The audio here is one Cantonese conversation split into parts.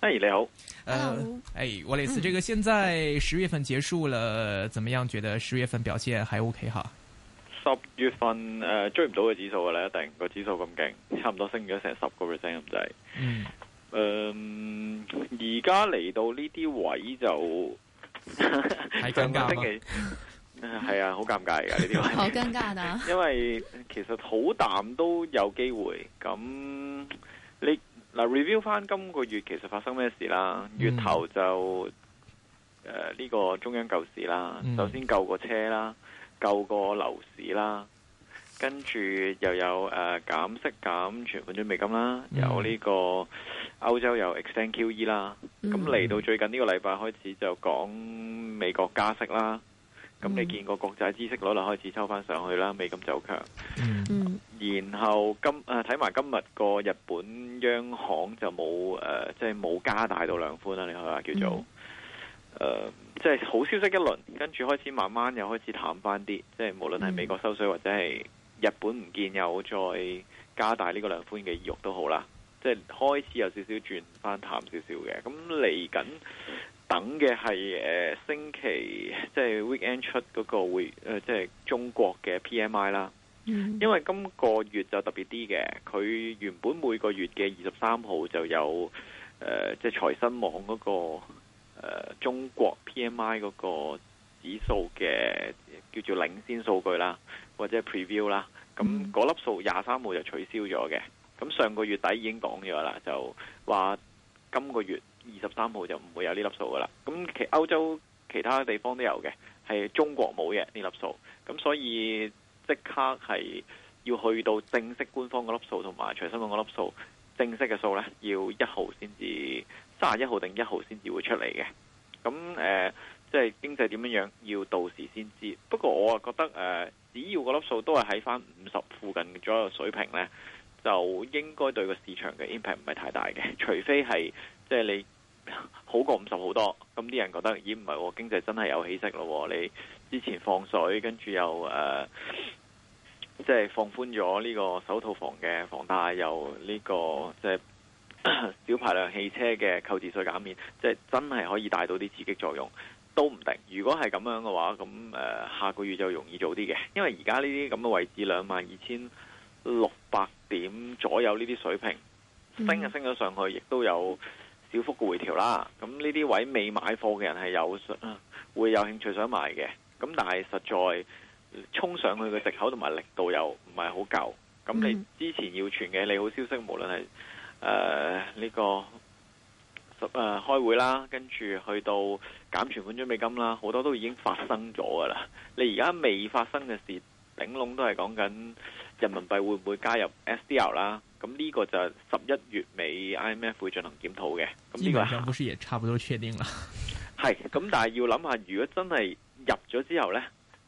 誒、hey，你好。誒、uh，hey, 我類似這個，現在十月份結束了，mm. 怎麼樣？覺得十月份表現還 OK 哈？十月份誒、呃、追唔到嘅指數嘅咧，一定個指數咁勁，差唔多升咗成十個 percent 咁滯。嗯。誒、呃，而家嚟到呢啲位就，係尷尬啊。係啊， 好尷尬噶呢啲位。好尷尬啊！因為其實好淡都有機會，咁你。嗱，review 翻今個月其實發生咩事啦？月頭就誒、呢、嗯、呃，這個中央救市啦，嗯、首先救個車啦，救個樓市啦，跟住又有誒、減、呃、息減存款準備金啦，嗯、有呢個歐洲有 extend QE 啦，咁、嗯、嚟到最近呢個禮拜開始就講美國加息啦。咁、嗯、你見個國債孳息率嚟開始抽翻上去啦，美金走強、嗯。然後今睇埋、啊、今日個日本央行就冇即係冇加大到量寬啦，你係話叫做即係、嗯呃就是、好消息一輪，跟住開始慢慢又開始淡翻啲。即、就、係、是、無論係美國收水或者係日本唔見有再加大呢個量寬嘅意欲都好啦，即、就、係、是、開始有少少轉翻淡少少嘅。咁嚟緊。等嘅係星期，即係 weekend 出嗰個會，即係中國嘅 PMI 啦。嗯、因為今個月就特別啲嘅，佢原本每個月嘅二十三號就有誒，即係財新網嗰個誒中國 PMI 嗰個指數嘅叫做領先數據啦，或者 preview 啦。咁嗰粒數廿三號就取消咗嘅。咁上個月底已經講咗啦，就話今個月，二十三號就唔會有呢粒數噶啦，咁其歐洲其他地方都有嘅，係中國冇嘅呢粒數，咁所以即刻係要去到正式官方個粒數同埋財新講個粒數正式嘅數呢，要一號先至，三十一號定一號先至會出嚟嘅。咁誒，即、呃、係、就是、經濟點樣樣，要到時先知。不過我啊覺得誒、呃，只要個粒數都係喺翻五十附近左右水平呢，就應該對個市場嘅 impact 唔係太大嘅，除非係即係你。 好過五十好多，咁啲人覺得，咦唔係，哦，經濟真係有起色咯。你之前放水，跟住又誒、即、呃、係、就是、放寬咗呢個首套房嘅房貸，又呢、這個即係、就是、小排量汽車嘅購置稅減免，即、就、係、是、真係可以帶到啲刺激作用，都唔定。如果係咁樣嘅話，咁誒、呃、下個月就容易做啲嘅，因為而家呢啲咁嘅位置兩萬二千六百點左右呢啲水平，升啊升咗上去，亦都有，小幅回調啦，咁呢啲位未買貨嘅人係有會有興趣想買嘅，咁但係實在衝上去嘅藉口同埋力度又唔係好夠，咁你之前要傳嘅利好消息，無論係誒呢個十誒、呃、開會啦，跟住去到減存款準備金啦，好多都已經發生咗噶啦，你而家未發生嘅事。頂籠都係講緊人民幣會唔會加入 SDR 啦？咁呢個就十一月尾 IMF 會進行檢討嘅。呢個好似也差不多確定啦。係咁，但係要諗下，如果真係入咗之後呢，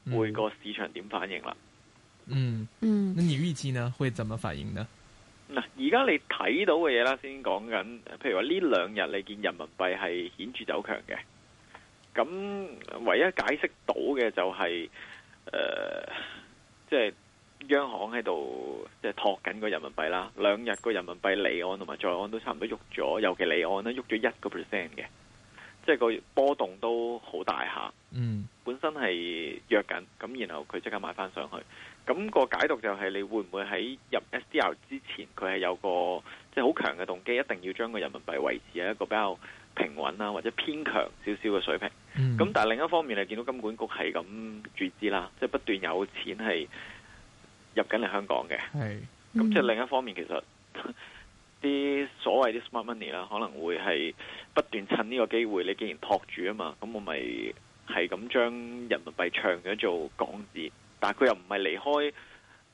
每個市場點反應啦？嗯嗯。那你預計呢會怎麼反應呢？嗱，而家你睇到嘅嘢啦，先講緊，譬如話呢兩日你見人民幣係顯著走強嘅，咁唯一解釋到嘅就係誒。即係央行喺度即係托緊個人民幣啦，兩日個人民幣離岸同埋在岸都差唔多喐咗，尤其離岸咧喐咗一個 percent 嘅，即係個波動都好大下。嗯，本身係弱緊，咁然後佢即刻買翻上去，咁個解讀就係你會唔會喺入 SDR 之前佢係有個即係好強嘅動機，一定要將個人民幣維持喺一個比較平穩啦，或者偏強少少嘅水平。咁、嗯、但係另一方面，你見到金管局係咁注資啦，即、就、係、是、不斷有錢係入緊嚟香港嘅。係咁，即係另一方面，嗯、其實啲所謂啲 smart money 啦，可能會係不斷趁呢個機會。你既然託住啊嘛，咁我咪係咁將人民幣唱咗做港紙。但係佢又唔係離開，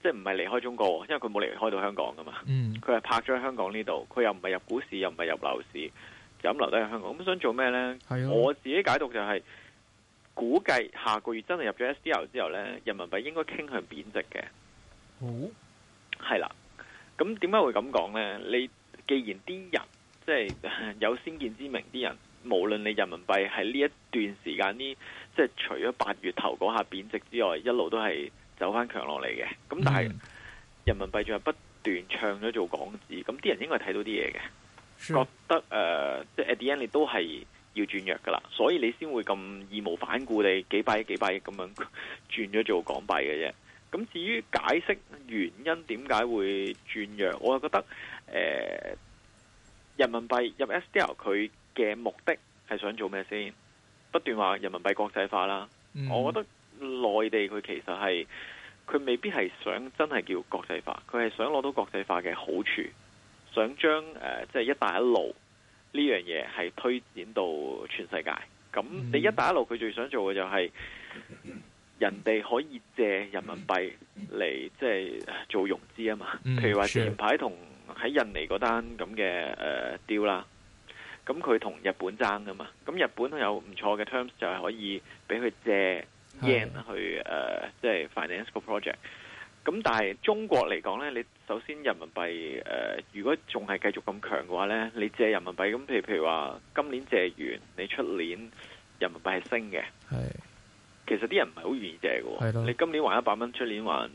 即係唔係離開中國，因為佢冇離開到香港噶嘛。佢係拍咗喺香港呢度，佢又唔係入股市，又唔係入樓市。咁留低喺香港，咁想做咩呢、啊？我自己解讀就係、是、估計下個月真係入咗 SDR 之後呢，人民幣應該傾向貶值嘅。哦，係啦。咁點解會咁講呢？你既然啲人即係、就是、有先見之明啲人，無論你人民幣喺呢一段時間呢，即、就、係、是、除咗八月頭嗰下貶值之外，一路都係走翻強落嚟嘅。咁但係人民幣仲係不斷唱咗做港紙，咁、嗯、啲人應該睇到啲嘢嘅。Sure. 覺得誒，即係 ADN 你都係要轉弱噶啦，所以你先會咁義無反顧地幾百億、幾百億咁樣轉咗做港幣嘅啫。咁至於解釋原因點解會轉弱，我又覺得誒，uh, 人民幣入 SDR 佢嘅目的係想做咩先？不斷話人民幣國際化啦，mm-hmm. 我覺得內地佢其實係佢未必係想真係叫國際化，佢係想攞到國際化嘅好處。想將誒即係一帶一路呢樣嘢係推展到全世界。咁你一帶一路佢最想做嘅就係人哋可以借人民幣嚟即係做融資啊嘛、嗯。譬如話前排同喺印尼嗰單咁嘅誒 deal 啦，咁佢同日本爭噶嘛。咁日本有唔錯嘅 terms 就係可以俾佢借 yen 去誒即係 financial project。咁但係中國嚟講呢，你首先人民幣誒、呃，如果仲係繼續咁強嘅話呢，你借人民幣咁，譬如譬如話今年借完，你出年人民幣係升嘅，係。其實啲人唔係好願意借嘅喎。你今年還一百蚊，出年還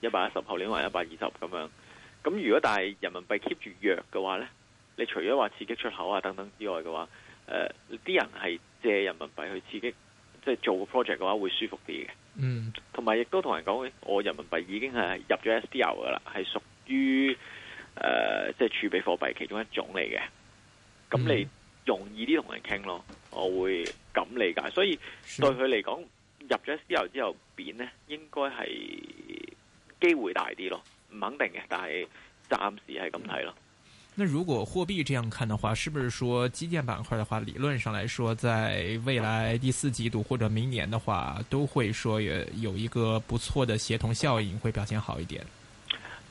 一百一十，後年還一百二十咁樣。咁如果但係人民幣 keep 住弱嘅話呢，你除咗話刺激出口啊等等之外嘅話，呃、啲人係借人民幣去刺激，即係做 project 嘅話會舒服啲嘅。嗯，同埋亦都同人講，我人民幣已經係入咗 SDR 噶啦，係屬於誒、即係儲備貨幣其中一種嚟嘅，咁你容易啲同人傾咯。我會咁理解，所以對佢嚟講，入咗 SDR 之後貶咧，應該係機會大啲咯，唔肯定嘅，但係暫時係咁睇咯。嗯那如果貨幣這樣看的話，是不是說基建板塊的話，理論上來說，在未來第四季度或者明年的話，都會說有一個不錯的協同效應，會表現好一點？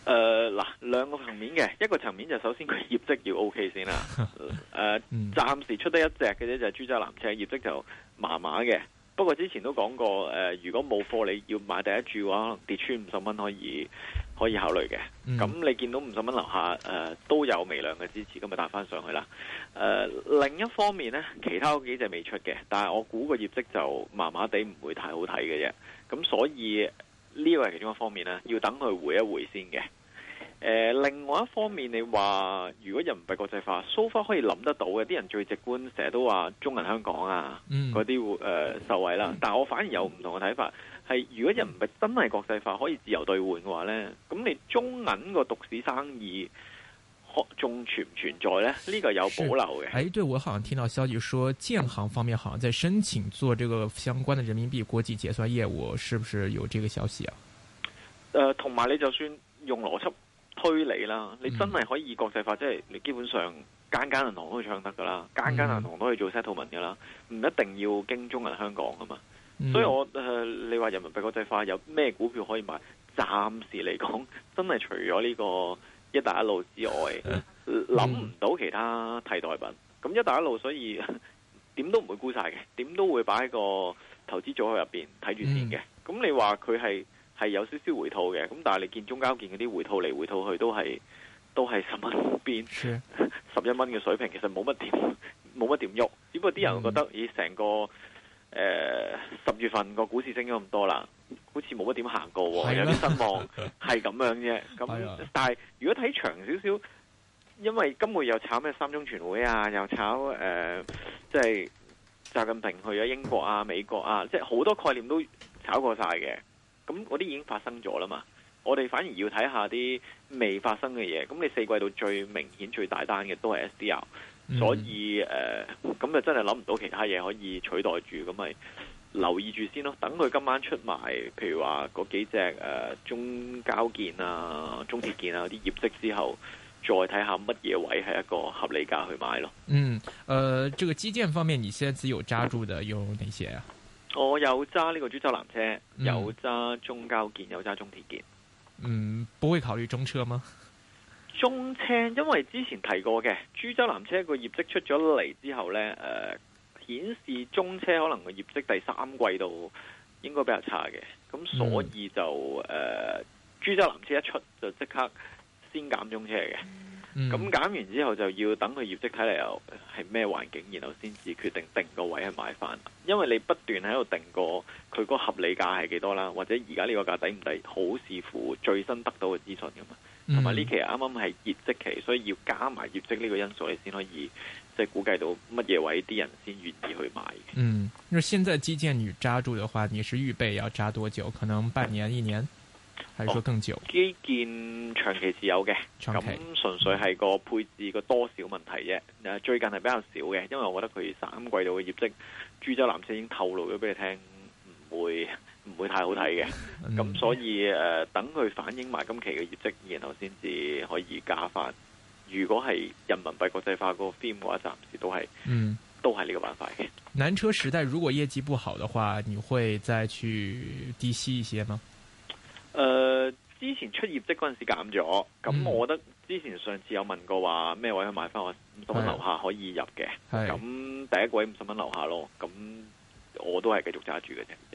誒、呃，嗱，兩個層面嘅，一個層面就是首先佢業績要 OK 先啦。誒、 呃，暫時出得一隻嘅啫，就係、是、珠江南車，業績就麻麻嘅。不過之前都講過，誒、呃，如果冇貨你要買第一注嘅話，可能跌穿五十蚊可以。可以考慮嘅，咁、嗯、你見到五十蚊樓下誒、呃、都有微量嘅支持，咁咪彈翻上去啦。誒、呃、另一方面呢，其他嗰幾隻未出嘅，但係我估個業績就麻麻地，唔會太好睇嘅啫。咁所以呢個係其中一方面啦，要等佢回一回先嘅。誒、呃、另外一方面你說，你話如果人民幣國際化，so far 可以諗得到嘅，啲人最直觀成日都話中銀香港啊，嗰啲會誒受惠啦。但係我反而有唔同嘅睇法。係如果人唔係真係國際化可以自由兌換嘅話咧，咁你中銀個獨市生意可仲存唔存在咧？呢、這個有保留嘅。誒、哎，對我好像聽到消息說，建行方面好像在申請做這個相關的人民幣國際結算業務，是不是有這個消息啊？誒、呃，同埋你就算用邏輯推理啦，你真係可以國際化，嗯、即係你基本上間間銀行都可以唱得噶啦，間間銀行都可以做 settlement 噶啦，唔、嗯、一定要經中銀香港噶嘛。所以我誒、呃，你話人民幣國際化有咩股票可以買？暫時嚟講，真係除咗呢個一帶一路之外，諗、啊、唔到其他替代，代品。咁、嗯、一帶一路，所以點都唔會沽晒嘅，點都會擺喺個投資組合入邊睇住先嘅。咁、嗯、你話佢係係有少少回吐嘅，咁但係你見中交建嗰啲回吐嚟回吐去都，都係都係十蚊邊，十一蚊嘅水平，其實冇乜點冇乜點喐，只不過啲人覺得咦，成、嗯、個。誒、呃、十月份個股市升咗咁多啦，好似冇乜點行過，有啲失望是這樣的，係咁樣啫。咁但係如果睇長少少，因為今個月又炒咩三中全會啊，又炒誒，即、呃、係、就是、習近平去咗英國啊、美國啊，即係好多概念都炒過晒嘅。咁嗰啲已經發生咗啦嘛，我哋反而要睇下啲未發生嘅嘢。咁你四季度最明顯、最大單嘅都係 SDR。嗯、所以誒，咁、呃、就真係諗唔到其他嘢可以取代住，咁咪留意住先咯。等佢今晚出埋，譬如話嗰幾隻、呃、中交建啊、中鐵建啊啲業績之後，再睇下乜嘢位係一個合理價去買咯。嗯，誒、呃，呢個基建方面，你先只有揸住嘅有哪些啊？我有揸呢個株洲南車，嗯、有揸中交建，有揸中鐵建。嗯，不會考慮中車嗎？中車，因為之前提過嘅，株洲南車個業績出咗嚟之後呢，誒、呃、顯示中車可能個業績第三季度應該比較差嘅，咁所以就誒，株、嗯呃、洲南車一出就即刻先減中車嘅，咁、嗯、減完之後就要等佢業績睇嚟又係咩環境，然後先至決定定個位去買翻，因為你不斷喺度定個佢個合理價係幾多啦，或者而家呢個價抵唔抵，好視乎最新得到嘅資訊㗎嘛。同埋呢期啱啱係業績期，所以要加埋業績呢個因素，你先可以即係估計到乜嘢位啲人先願意去買。嗯，因為現在基建你揸住的話，你是預備要揸多久？可能半年、嗯、一年，還是說更久？哦、基建長期持有嘅，咁純粹係個配置個多少問題啫。最近係比較少嘅，因為我覺得佢三季度嘅業績，株洲藍籌已經透露咗俾你聽。不會唔會太好睇嘅。咁、嗯、所以誒、呃，等佢反映埋今期嘅業績，然後先至可以加翻。如果係人民幣國際化個 theme 話，暫時都係，嗯，都係呢個辦法嘅。南車時代如果業績不好嘅話，你會再去低吸一些嗎？誒、呃，之前出業績嗰陣時減咗，咁、嗯、我覺得之前上次有問過話咩位去買翻，我五十蚊樓下可以入嘅。咁第一個位五十蚊樓下咯，咁我都係繼續揸住嘅啫。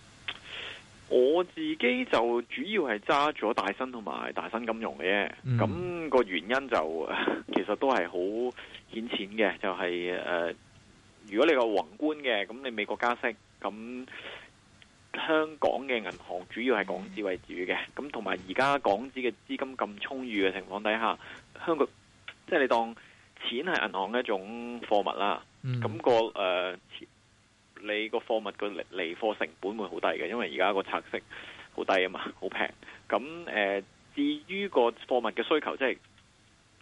我自己就主要係揸咗大新同埋大新金融嘅啫，咁、嗯那個原因就其實都係好顯淺嘅，就係、是、誒、呃，如果你個宏觀嘅，咁你美國加息，咁香港嘅銀行主要係港紙為主嘅，咁同埋而家港紙嘅資金咁充裕嘅情況底下，香港即係、就是、你當錢係銀行的一種貨物啦，咁、嗯那個誒。呃你個貨物嘅嚟貨成本會好低嘅，因為而家個拆息好低啊嘛，好平。咁誒、呃，至於個貨物嘅需求，即係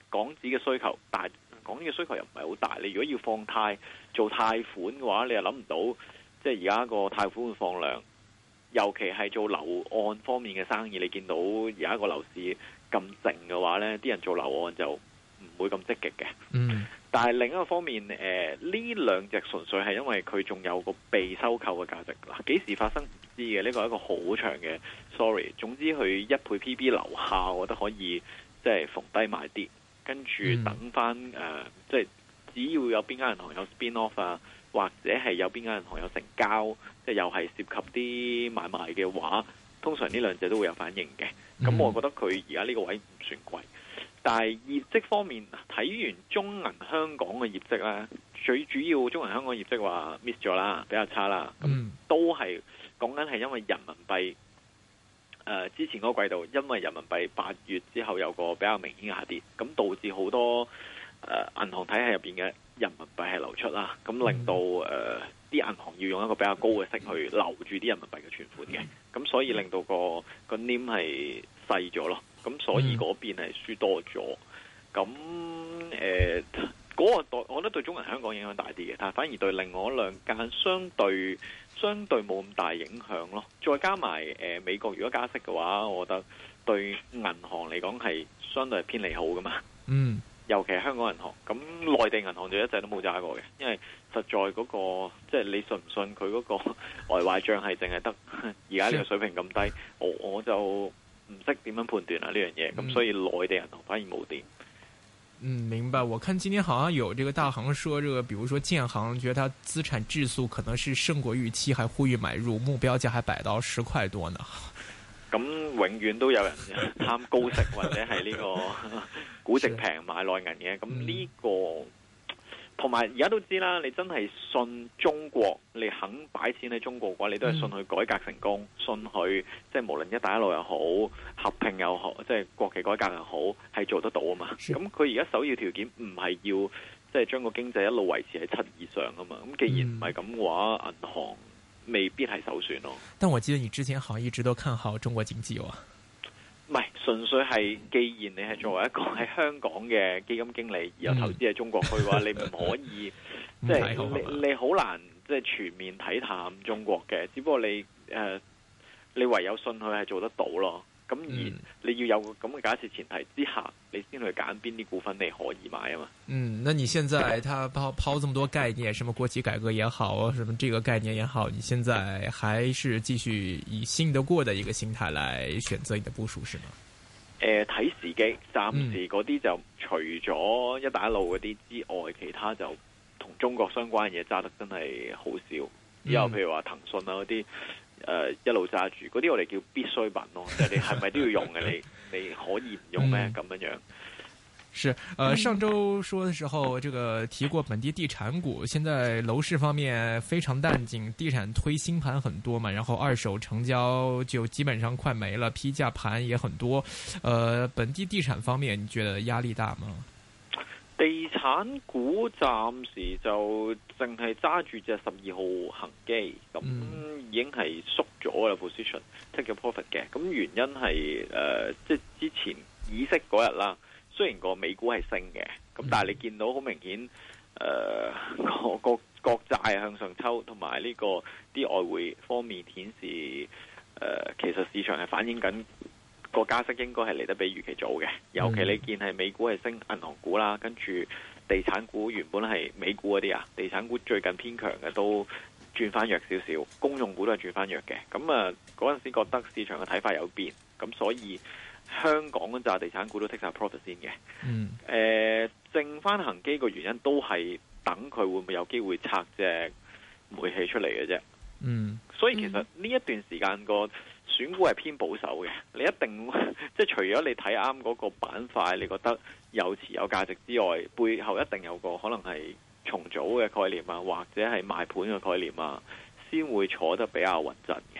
港紙嘅需求大，但港紙嘅需求又唔係好大。你如果要放貸做貸款嘅話，你又諗唔到，即係而家個貸款會放量。尤其係做樓按方面嘅生意，你見到而家個樓市咁靜嘅話，呢啲人做樓按就唔會咁積極嘅。嗯。但係另一個方面，誒呢兩隻純粹係因為佢仲有個被收購嘅價值啦，幾時發生唔知嘅，呢個係一個好長嘅。sorry，總之佢一倍 PB 樓下，我覺得可以即係、就是、逢低買啲，跟住等翻誒，即係只要有邊間銀行有 spin off 啊，或者係有邊間銀行有成交，即係又係涉及啲買賣嘅話，通常呢兩隻都會有反應嘅。咁我覺得佢而家呢個位唔算貴。但係業績方面，睇完中銀香港嘅業績咧，最主要中銀香港嘅業績話 miss 咗啦，比較差啦，都係講緊係因為人民幣誒、呃、之前嗰個季度，因為人民幣八月之後有個比較明顯嘅下跌，咁導致好多誒、呃、銀行體系入邊嘅人民幣係流出啦，咁令到誒啲、呃、銀行要用一個比較高嘅息去留住啲人民幣嘅存款嘅，咁所以令到個個孭係。細咗咯，咁所以嗰邊係輸多咗，咁誒嗰個代，我覺得對中銀香港影響大啲嘅，但係反而對另外兩間相對相對冇咁大影響咯。再加埋誒、呃、美國如果加息嘅話，我覺得對銀行嚟講係相對係偏利好噶嘛。嗯，尤其係香港銀行，咁內地銀行就一直都冇揸過嘅，因為實在嗰、那個即係、就是、你信唔信佢嗰個外壞賬係淨係得而家呢個水平咁低，我我就。唔識點樣判斷啊，呢樣嘢，咁、嗯、所以內地銀行反而冇點嗯，明白。我看今天好像有這個大行說，這個，比如說建行，覺得它資產質素可能是勝過預期，還呼籲買入，目標價還擺到十塊多呢。咁、嗯、永遠都有人貪高息 或者係呢、這個估 值平買內銀嘅，咁呢、這個。嗯同埋而家都知啦，你真係信中國，你肯擺錢喺中國嘅話，你都係信佢改革成功，嗯、信佢即係無論一帶一路又好，合併又好，即係國企改革又好，係做得到啊嘛。咁佢而家首要條件唔係要即係將個經濟一路維持喺七以上啊嘛。咁既然唔係咁嘅話，銀、嗯、行未必係首選咯、啊。但我記得你之前好一直都看好中國經濟喎。純粹係，既然你係作為一個喺香港嘅基金經理，而有投資喺中國區嘅話，你唔可以， 即係你你好難即係全面睇淡中國嘅。只不過你誒、呃，你唯有信佢係做得到咯。咁而你要有咁嘅假設前提之下，你先去揀邊啲股份你可以買啊嘛。嗯，那你現在他拋拋咁多概念，什麼國企改革也好，什麼這個概念也好，你現在還是繼續以信得過嘅一個心態嚟選擇你的部署，是嗎？誒、呃，睇時機，暫時嗰啲就除咗一帶一路嗰啲之外，其他就同中國相關嘅嘢揸得真係好少。之、嗯、後譬如話騰訊啊嗰啲，誒、呃、一路揸住嗰啲，嗰啲我哋叫必需品咯，即 係你係咪都要用嘅？你你可以唔用咩？咁、嗯、樣樣。是，呃、上周說的時候，這個提過本地地產股。現在樓市方面非常淡靜，地產推新盤很多嘛，然後二手成交就基本上快沒了，批價盤也很多。呃、本地地產方面，你覺得壓力大嗎？地產股暫時就淨係揸住隻十二號恒基咁，已經係縮咗啦、嗯、，position take a profit 嘅。咁原因係呃即係之前議息嗰日啦。雖然個美股係升嘅，咁但係你見到好明顯，誒、呃、個個國債向上抽，同埋呢個啲外匯方面顯示，誒、呃、其實市場係反映緊個加息應該係嚟得比預期早嘅。尤其你見係美股係升，銀行股啦，跟住地產股原本係美股嗰啲啊，地產股最近偏強嘅都轉翻弱少少，公用股都係轉翻弱嘅。咁啊嗰陣時覺得市場嘅睇法有變，咁所以。香港嗰紮地產股都 take 晒 profit 先嘅。嗯，誒、呃，剩翻恒基個原因都係等佢會唔會有機會拆隻煤氣出嚟嘅啫。嗯，所以其實呢一段時間個選股係偏保守嘅，你一定即係、就是、除咗你睇啱嗰個板塊，你覺得有持有價值之外，背後一定有個可能係重組嘅概念啊，或者係賣盤嘅概念啊，先會坐得比較穩陣嘅。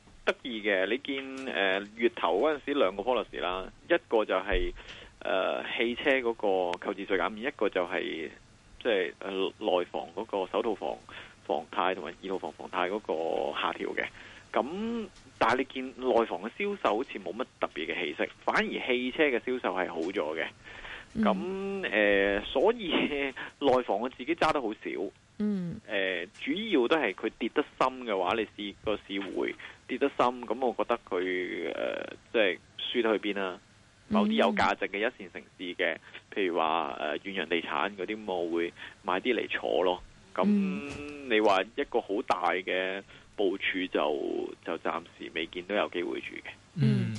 得意嘅你見誒、呃、月頭嗰陣時兩個 policy 啦，一個就係、是、誒、呃、汽車嗰個購置稅減免，一個就係即係誒內房嗰個首套房房貸同埋二套房房貸嗰個下調嘅。咁但係你見內房嘅銷售好似冇乜特別嘅氣息，反而汽車嘅銷售係好咗嘅。咁誒、嗯呃，所以內房我自己揸得好少。嗯，誒、呃、主要都係佢跌得深嘅話，你試、那個試會。跌得深，咁我覺得佢誒、呃、即係輸得去邊啦、啊。某啲有價值嘅一線城市嘅，譬如話誒、呃、遠洋地產嗰啲，我會買啲嚟坐咯。咁你話一個好大嘅部署就，就就暫時未見到有機會住嘅。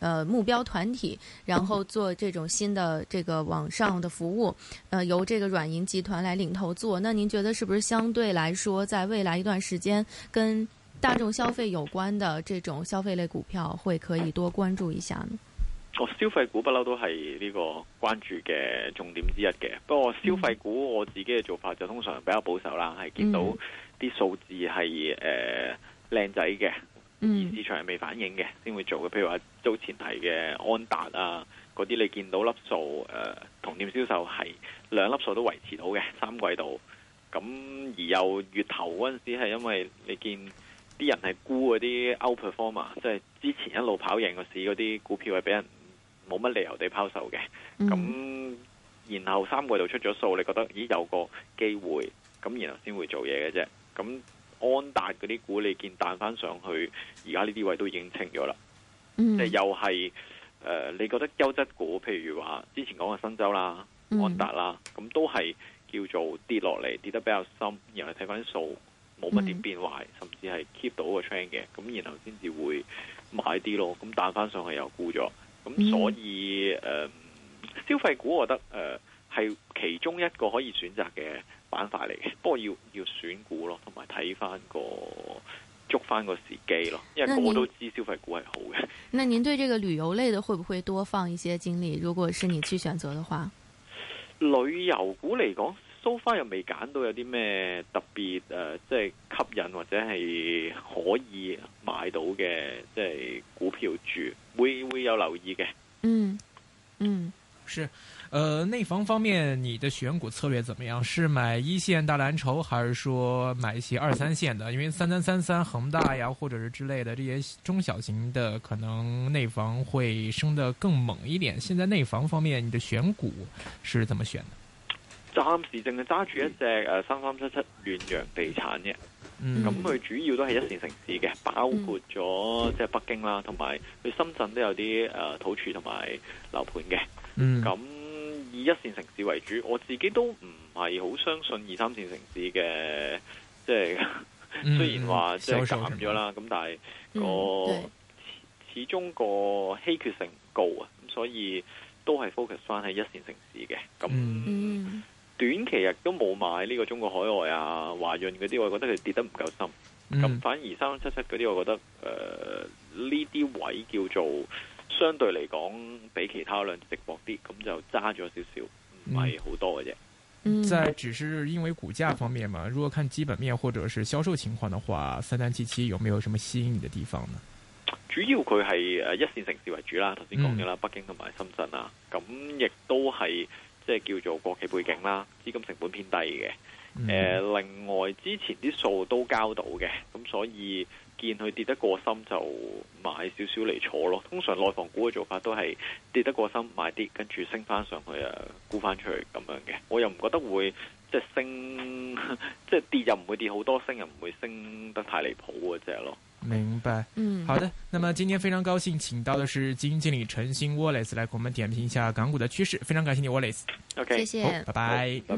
呃，目標團體，然後做這種新的這個網上的服務，呃，由這個軟銀集團來領頭做。那您覺得是不是相對來說，在未來一段時間，跟大眾消費有關的這種消費類股票，會可以多關注一下呢？我消費股不嬲都係呢個關注嘅重點之一嘅。不過消費股我自己嘅做法就通常比較保守啦，係見到啲數字係誒靚仔嘅。嗯，市場係未反映嘅，先會做嘅。譬如話，早前提嘅安達啊，嗰啲你見到粒數，誒同店銷售係兩粒數都維持到嘅三季度，咁而又月頭嗰陣時係因為你見啲人係沽嗰啲 outperformer，即係之前一路跑贏個市嗰啲股票係俾人冇乜理由地拋售嘅，咁然後三季度出咗數，你覺得咦有個機會，咁然後先會做嘢嘅啫，咁。安達嗰啲股，你見彈翻上去，而家呢啲位都已經清咗啦。即、mm. 係又係，誒、呃，你覺得優質股，譬如話之前講嘅新洲啦、安、mm. 達啦，咁都係叫做跌落嚟，跌得比較深，然後睇翻啲數，冇乜點變壞，mm. 甚至係 keep 到個 train 嘅，咁然後先至會買啲咯。咁彈翻上去又沽咗，咁所以誒、mm. 呃，消費股我覺得誒係、呃、其中一個可以選擇嘅。板塊嚟嘅，不過要要選股咯，同埋睇翻個捉翻個時機咯，因為我都知消費股係好嘅。那您對這個旅遊類的會不會多放一些精力？如果是你去選擇的話，旅遊股嚟講，so far 又未揀到有啲咩特別誒，即係吸引或者係可以買到嘅，即係股票住，會會有留意嘅。嗯嗯，是。呃，內房方面，你的選股策略怎麼樣？是買一線大藍籌，還是說買一些二三線的？因為三三三三、恒大呀，或者是之類的這些中小型的，可能內房會升得更猛一點。現在內房方面，你的選股是怎麼選的？暫時淨係揸住一隻誒、嗯啊、三三七七遠洋地產嘅，咁、嗯、佢主要都係一線城市嘅，包括咗即係北京啦，同埋佢深圳都有啲誒、啊、土處同埋樓盤嘅，咁、嗯。以一線城市為主，我自己都唔係好相信二三線城市嘅，即係雖然話即係減咗啦，咁、嗯、但係個始始終個稀缺性高啊，咁所以都係 focus 翻喺一線城市嘅。咁、嗯、短期日都冇買呢個中國海外啊、華潤嗰啲，我覺得佢跌得唔夠深。咁、嗯、反而三七七嗰啲，我覺得誒呢啲位叫做。相對嚟講，比其他兩隻薄啲，咁就揸咗少少，唔係好多嘅啫。嗯，即係只是因為股價方面嘛，如果看基本面或者是銷售情況的話，三三七七有沒有什麼吸引你的地方呢？主要佢係一線城市為主啦，頭先講嘅啦，嗯，北京同埋深圳啊，咁亦都係即係叫做國企背景啦，資金成本偏低嘅。誒、嗯呃，另外之前啲數都交到嘅，咁所以。見佢跌得過深就買少少嚟坐咯，通常內房股嘅做法都係跌得過深買啲，跟住升翻上去啊，沽翻出去咁樣嘅。我又唔覺得會即係升，即係跌又唔會跌好多，升又唔會升得太離譜嘅啫咯。明白。嗯，好的。那麼今天非常高興請到嘅是基金經理陳昕 Wallace，來同我們點評一下港股嘅趨勢。非常感謝你 Wallace。OK，謝謝。拜拜。Bye bye